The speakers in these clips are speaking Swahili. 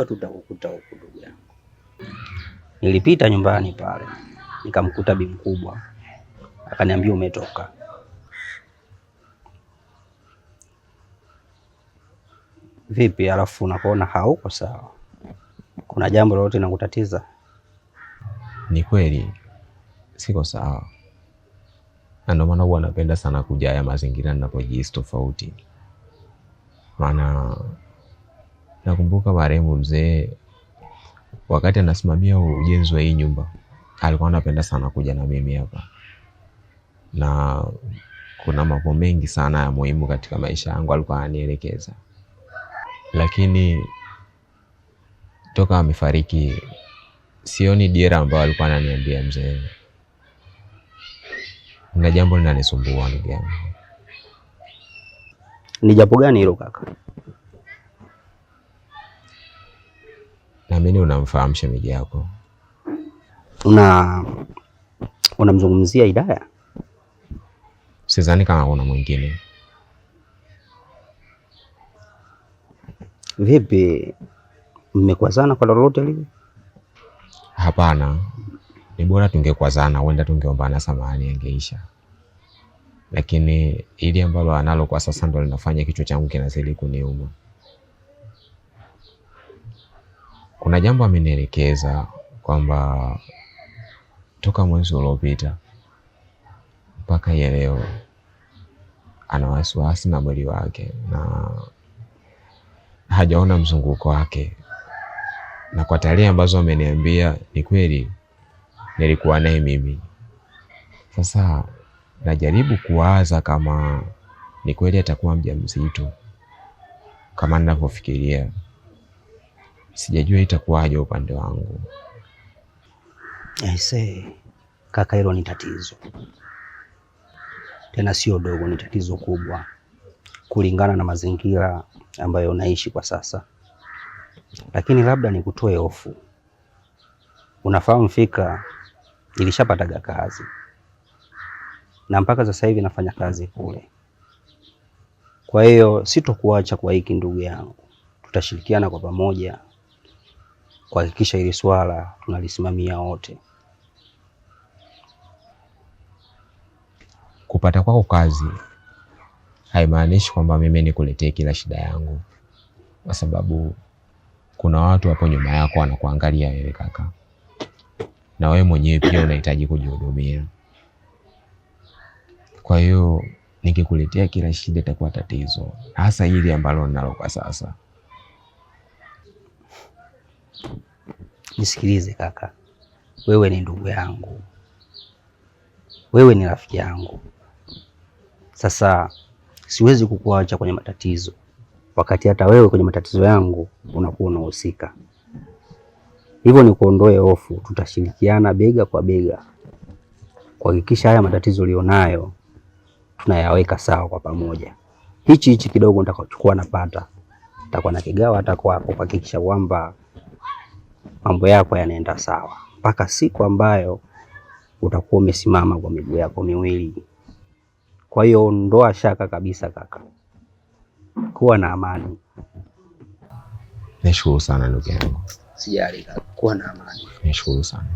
najua tutakukuta huku ndugu yangu. Nilipita nyumbani pale nikamkuta bi mkubwa, akaniambia umetoka. Vipi, alafu nakuona hauko sawa? Kuna jambo lolote linakutatiza? Ni kweli siko sawa, na ndio maana huwa napenda sana kuja haya mazingira ninapojihisi tofauti, maana Nakumbuka marehemu mzee wakati anasimamia ujenzi wa hii nyumba alikuwa anapenda sana kuja na mimi hapa, na kuna mambo mengi sana ya muhimu katika maisha yangu alikuwa ananielekeza, lakini toka amefariki sioni dira ambayo alikuwa ananiambia mzee, na jambo linanisumbua ndugu yangu. Ni jambo gani hilo kaka? Naamini unamfahamu shemeji yako. Una unamzungumzia Idaya? Sidhani kama kuna mwingine. Vipi, mmekwazana kwa lolote lile? Hapana, ni bora tungekwazana, huenda tungeombana samahani, angeisha. Lakini ili ambalo analo kwa sasa ndo linafanya kichwa changu kinazidi kuniuma. kuna jambo amenielekeza kwamba toka mwezi uliopita mpaka ya leo ana wasiwasi na mwili wake na hajaona mzunguko wake, na kwa tarehe ambazo ameniambia ni kweli nilikuwa naye mimi. Sasa najaribu kuwaza kama ni kweli atakuwa mjamzito kama ninavyofikiria sijajua itakuwaje upande wangu. Aisee kaka, hilo ni tatizo tena, sio dogo, ni tatizo kubwa kulingana na mazingira ambayo unaishi kwa sasa. Lakini labda nikutoe hofu. Unafahamu fika, nilishapataga kazi na mpaka sasa hivi nafanya kazi kule. Kwa hiyo sitokuacha kwa hiki ndugu yangu, tutashirikiana kwa pamoja kuhakikisha hili swala tunalisimamia wote. Kupata kwako kazi haimaanishi kwamba mimi nikuletee kila shida yangu, kwa sababu kuna watu hapo nyuma yako wanakuangalia wewe kaka, na wewe mwenyewe pia unahitaji kujihudumia. Kwa hiyo nikikuletea kila shida itakuwa tatizo, hasa hili ambalo ninalo kwa sasa nisikilize kaka, wewe ni ndugu yangu, wewe ni rafiki yangu. Sasa siwezi kukuacha kwenye matatizo, wakati hata wewe kwenye matatizo yangu unakuwa unahusika. Hivyo ni kuondoe hofu, tutashirikiana bega kwa bega kuhakikisha haya matatizo ulionayo tunayaweka sawa kwa pamoja. Hichi hichi kidogo nitakochukua napata, nitakuwa na kigawa hata kwako kuhakikisha kwamba mambo yako yanaenda sawa mpaka siku ambayo utakuwa umesimama kwa miguu yako miwili. Kwa hiyo ondoa shaka kabisa kaka, kuwa na amani. Nashukuru sana ndugu yangu. Sijali kaka, kuwa na amani. Nashukuru sana.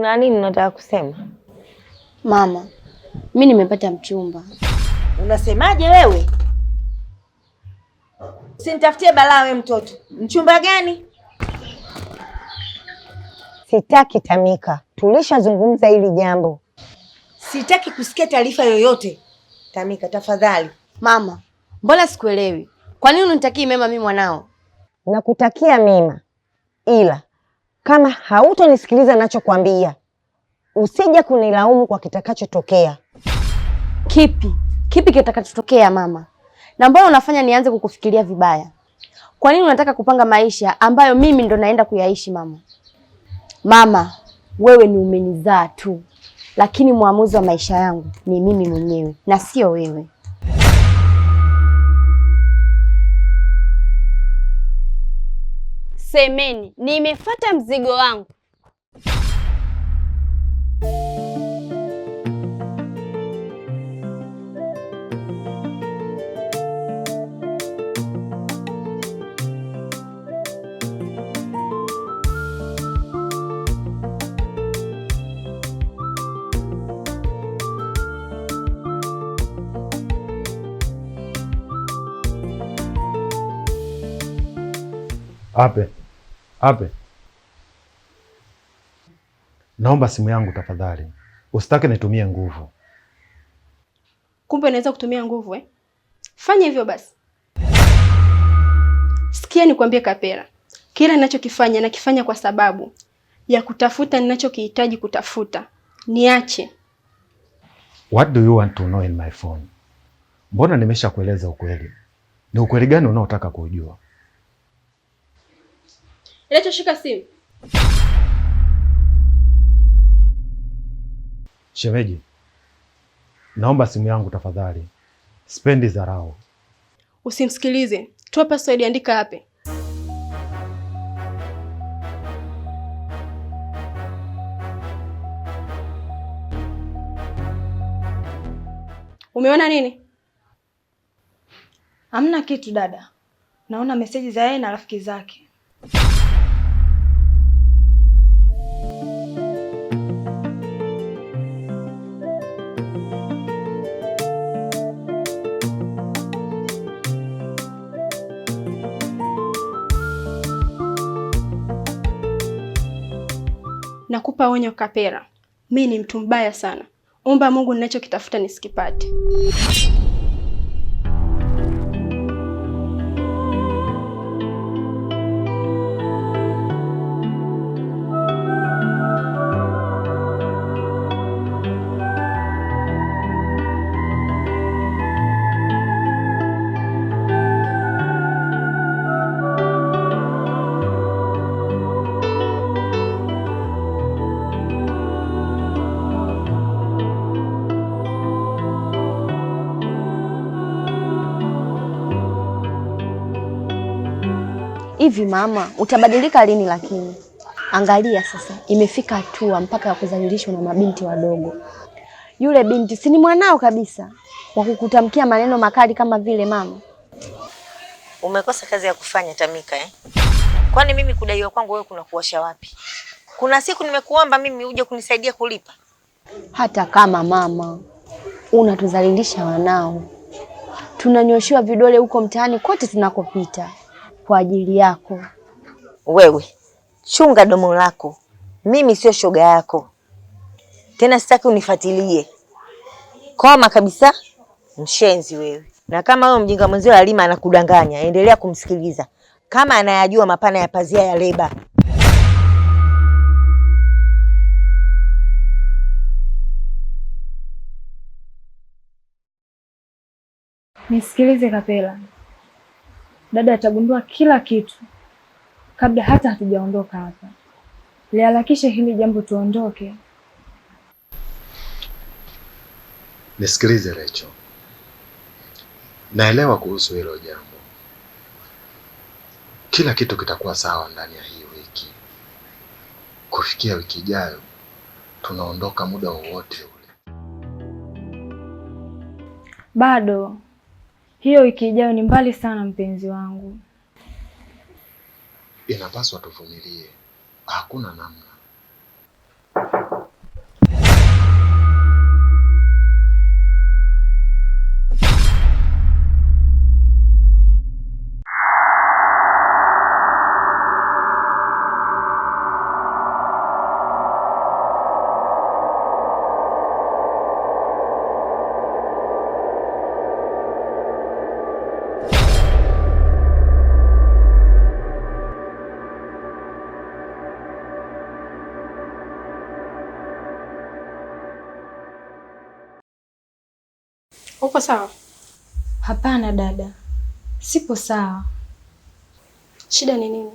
Una nini unataka kusema? Mama, mi nimepata mchumba. Unasemaje wewe? Sinitafutie balaa we mtoto. Mchumba gani? Sitaki Tamika, tulishazungumza hili jambo. Sitaki kusikia taarifa yoyote. Tamika, tafadhali. Mama, mbona sikuelewi? Kwa nini unitakii mema mimi mwanao? Nakutakia mema, ila kama hautonisikiliza nachokwambia, usije kunilaumu kwa kitakachotokea. Kipi kipi kitakachotokea mama? Na mbona unafanya nianze kukufikiria vibaya? Kwa nini unataka kupanga maisha ambayo mimi ndo naenda kuyaishi mama? Mama, wewe ni umenizaa tu, lakini mwamuzi wa maisha yangu ni mimi mwenyewe na sio wewe. semeni, nimefata mzigo wangu. Ape. Ape, naomba simu yangu tafadhali, usitake nitumie nguvu. Kumbe naweza kutumia nguvu eh? Fanya hivyo basi. Sikia nikwambie, Kapera, kila ninachokifanya nakifanya kwa sababu ya kutafuta ninachokihitaji kutafuta. Niache. What do you want to know in my phone? Mbona kueleza ukweli. Ni ukweli gani unaotaka kujua? Leta shika simu. Shemeji, naomba simu yangu tafadhali. Sipendi dharau. Usimsikilize, toa password, andika hape. Umeona nini? Hamna kitu dada, naona meseji za yeye na rafiki zake. Nimekupa onyo Kapera, mi ni mtu mbaya sana. Omba Mungu ninachokitafuta nisikipate. hivi mama, utabadilika lini? Lakini angalia sasa, imefika hatua mpaka ya kudhalilishwa na mabinti wadogo. Yule binti si ni mwanao kabisa wa kukutamkia maneno makali kama vile mama. Umekosa kazi ya kufanya Tamika eh? Kwani mimi kudaiwa kwangu wewe kuna kuwasha wapi? Kuna siku nimekuomba mimi uje kunisaidia kulipa? Hata kama mama, unatudhalilisha wanao, tunanyoshiwa vidole huko mtaani kote tunakopita kwa ajili yako. Wewe chunga domo lako, mimi sio shoga yako tena, sitaki unifuatilie. Koma kabisa, mshenzi wewe. Na kama wewe mjinga mwenzio alima anakudanganya, endelea kumsikiliza kama anayajua mapana ya pazia ya leba. Nisikilize Kapela dada atagundua kila kitu kabla hata hatujaondoka hapa. Liharakishe hili jambo tuondoke. Nisikilize Recho, naelewa kuhusu hilo jambo. Kila kitu kitakuwa sawa ndani ya hii wiki. Kufikia wiki ijayo, tunaondoka muda wowote ule. Bado hiyo wiki ijayo ni mbali sana, mpenzi wangu. Inapaswa tuvumilie, hakuna namna. sawa? Hapana dada, sipo sawa. Shida ni nini?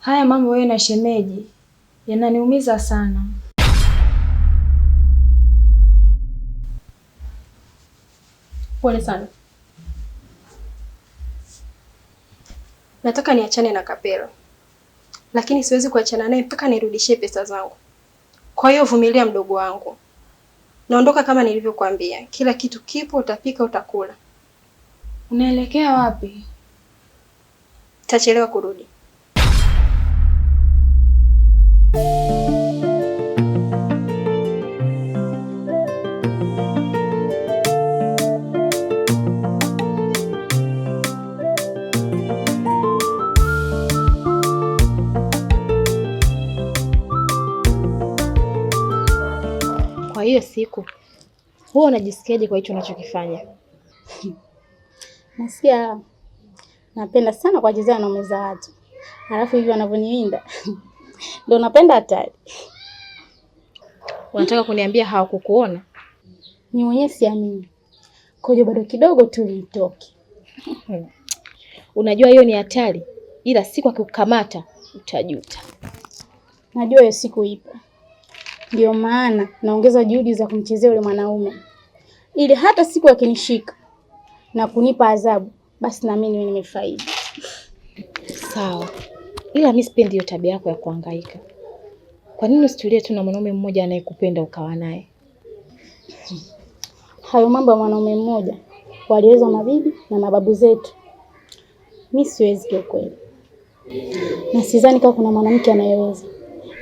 Haya mambo wewe na shemeji yananiumiza sana. Pole sana. Nataka niachane na Kapelo, lakini siwezi kuachana naye mpaka nirudishie pesa zangu. Kwa hiyo vumilia, mdogo wangu. Naondoka kama nilivyokuambia, kila kitu kipo, utapika, utakula. Unaelekea wapi? Tachelewa kurudi. siku, huwa unajisikiaje kwa hicho unachokifanya? Nasikia napenda sana kuwachezea wanaume za watu, alafu hivi wanavyoniwinda ndio napenda hatari. Unataka kuniambia hawakukuona? Ni mwenyewe siamini, kojo bado kidogo tu nitoke. Unajua hiyo ni hatari, ila siku akikukamata utajuta. Najua hiyo siku ipo. Ndio maana naongeza juhudi za kumchezea yule mwanaume, ili hata siku akinishika na kunipa adhabu, basi na mimi nimefaidi. Sawa, ila mi sipendi hiyo tabia yako ya kuhangaika. Kwa nini usitulie tu na mwanaume mmoja anayekupenda ukawa naye? Hayo mambo ya mwanaume mmoja waliweza mabibi na mababu zetu, mi siwezi kiukweli, na sidhani kama kuna mwanamke anayeweza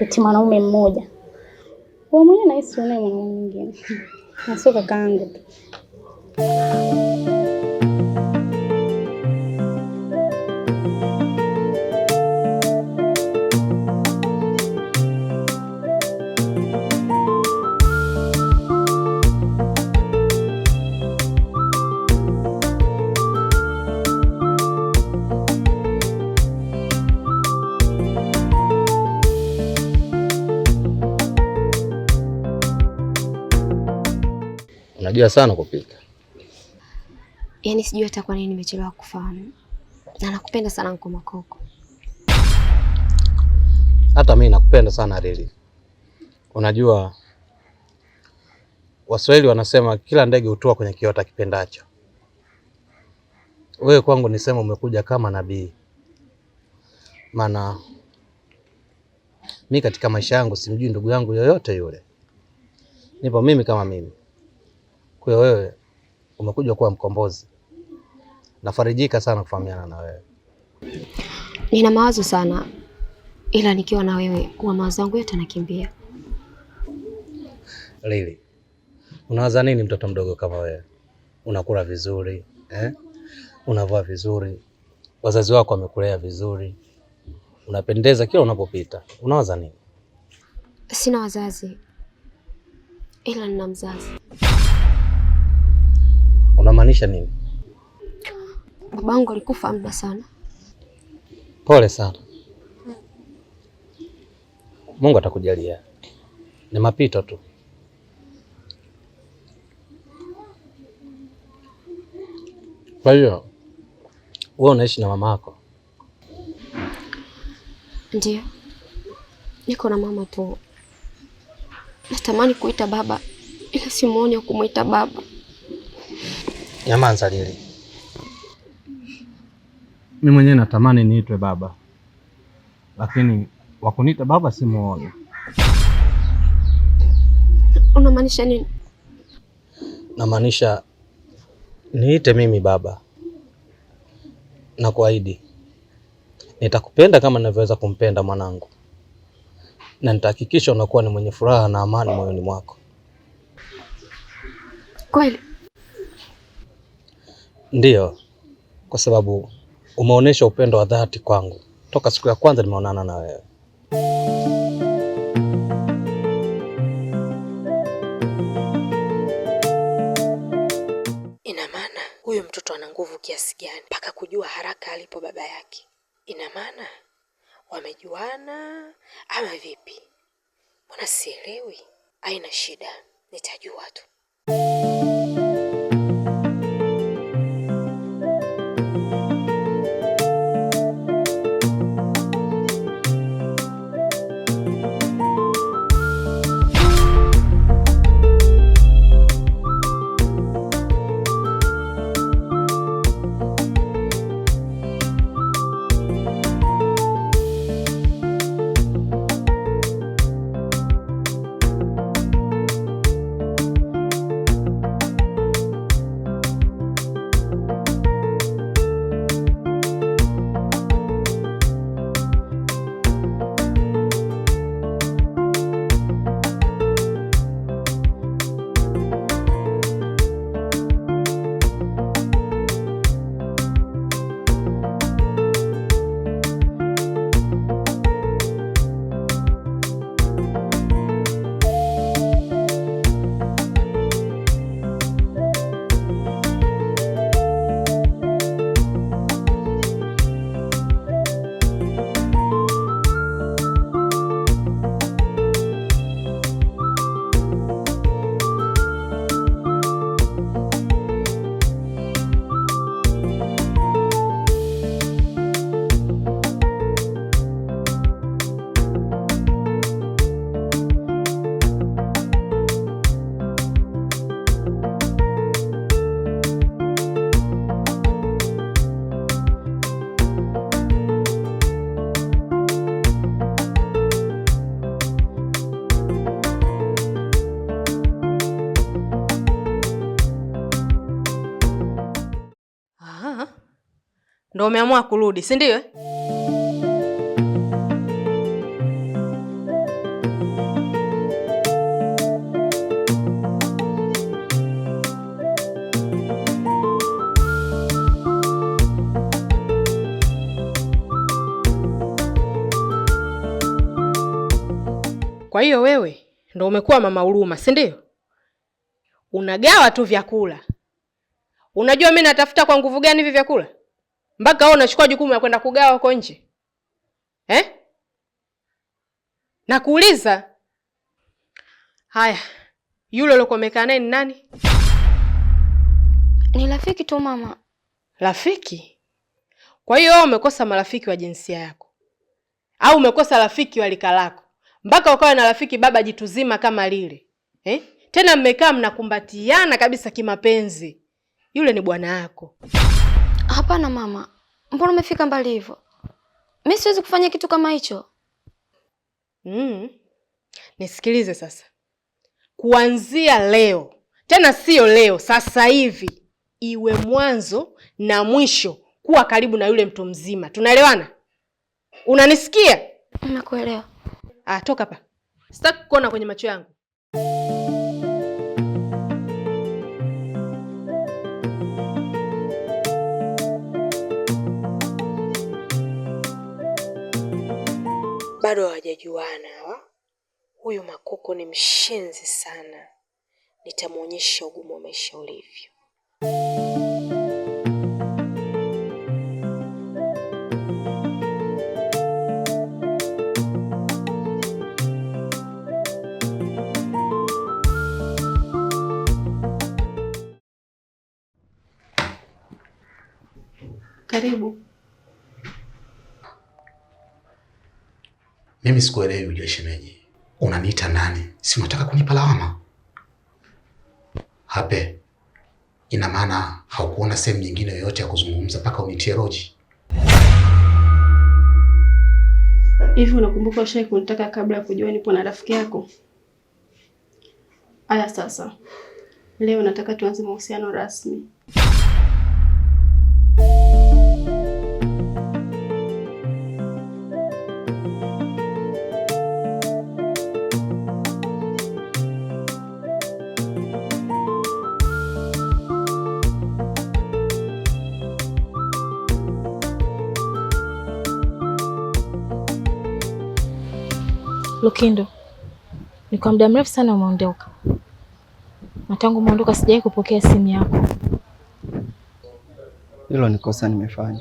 eti mwanaume mmoja wewe mwenyewe nahisi unaye mwanaume mwingine na sio kakaangu tu. Nimekusudia sana kupika. Yaani sijui hata kwa nini nimechelewa kufahamu. Na nakupenda sana Uncle Makoko. Hata mimi nakupenda sana Lili. Unajua Waswahili wanasema kila ndege hutua kwenye kiota kipendacho. Wewe kwangu nisema umekuja kama nabii, maana mi katika maisha yangu simjui ndugu yangu yoyote yule, nipo mimi kama mimi pia wewe umekuja kuwa mkombozi. Nafarijika sana kufahamiana na wewe. Nina mawazo sana, ila nikiwa na wewe huwa mawazo yangu yote yanakimbia. Lili, unawaza nini? Mtoto mdogo kama wewe unakula vizuri eh? Unavaa vizuri, wazazi wako wamekulea vizuri, unapendeza kila unapopita. Unawaza nini? Sina wazazi ila nina mzazi. Unamaanisha nini? Babangu alikufa muda sana. Pole sana. Mungu atakujalia, ni mapito tu. Kwa hiyo wewe unaishi na mama yako? Ndio, niko na mama tu. Natamani kuita baba, ila simuoni kumuita baba yamanza lile. Mimi mwenyewe natamani niitwe baba, lakini wakuniita baba simuona. Unamaanisha nini? Namaanisha niite mimi baba, na kuahidi nitakupenda kama ninavyoweza kumpenda mwanangu, na nitahakikisha unakuwa ni mwenye furaha na amani moyoni mwako. Kweli? Ndiyo, kwa sababu umeonyesha upendo wa dhati kwangu toka siku ya kwanza nimeonana na wewe. Ina maana huyu mtoto ana nguvu kiasi gani mpaka kujua haraka alipo baba yake? Ina maana wamejuana ama vipi? Mbona sielewi? Haina shida, nitajua tu. ndo umeamua kurudi, si ndio? Kwa hiyo wewe ndo umekuwa mama huruma, si ndio? Unagawa tu vyakula. Unajua mimi natafuta kwa nguvu gani hivi vyakula? mpaka wewe unachukua jukumu la kwenda kugawa huko nje eh? Nakuuliza haya, yule uliokuwa umekaa naye ni nani? Ni rafiki tu mama. Rafiki? Kwa hiyo wewe umekosa marafiki wa jinsia yako, au umekosa rafiki wa lika lako mpaka ukawa na rafiki baba jituzima kama lile eh? Tena mmekaa mnakumbatiana kabisa kimapenzi. Yule ni bwana yako. Hapana mama, mbona umefika mbali hivyo? Mi siwezi kufanya kitu kama hicho. Mm. Nisikilize sasa, kuanzia leo tena, siyo leo, sasa hivi iwe mwanzo na mwisho kuwa karibu na yule mtu mzima. Tunaelewana? Unanisikia? Nakuelewa. Ah, toka hapa, sitaki kuona kwenye macho yangu. bado hawajajuana hawa. Huyu Makoko ni mshenzi sana, nitamwonyesha ugumu wa maisha ulivyo. Karibu. Mimi sikuelewi ujue shemeji. Unaniita nani? Si unataka kunipa lawama? Hape. Ina maana haukuona sehemu nyingine yoyote ya kuzungumza mpaka unitie Roji. Hivi unakumbuka ushawahi kunitaka kabla ya kujua nipo na rafiki yako? Aya sasa. Leo nataka tuanze mahusiano rasmi. Lukindo, ni kwa muda mrefu sana umeondoka, na tangu umeondoka sijawahi kupokea simu yako. Hilo ni kosa nimefanya,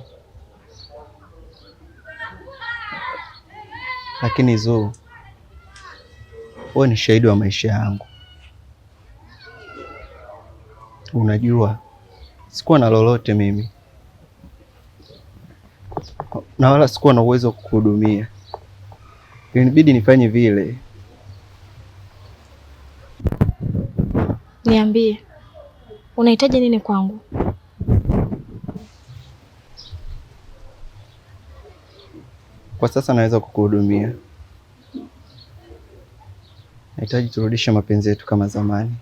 lakini Zuu, wewe ni shahidi wa maisha yangu. Unajua sikuwa na lolote mimi na wala sikuwa na uwezo wa kukuhudumia inabidi nifanye vile. Niambie, unahitaji nini kwangu? Kwa sasa naweza kukuhudumia. Nahitaji turudishe mapenzi yetu kama zamani.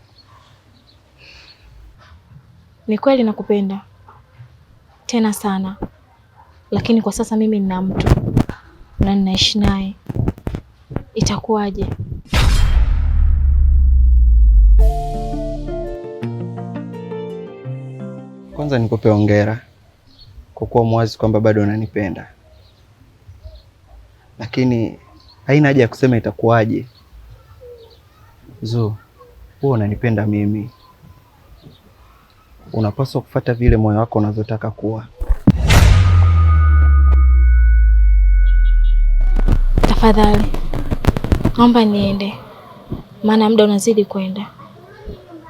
Ni kweli nakupenda tena sana, lakini kwa sasa mimi nina mtu na ninaishi naye itakuwaje? Kwanza nikupe hongera kwa kuwa mwazi kwamba bado unanipenda, lakini haina haja ya kusema itakuwaje. Zuu, huwa unanipenda mimi, unapaswa kufata vile moyo wako unavyotaka kuwa. Tafadhali Naomba niende, maana muda unazidi kwenda.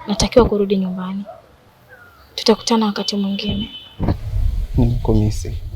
Natakiwa kurudi nyumbani. Tutakutana wakati mwingine. Nimekumisi.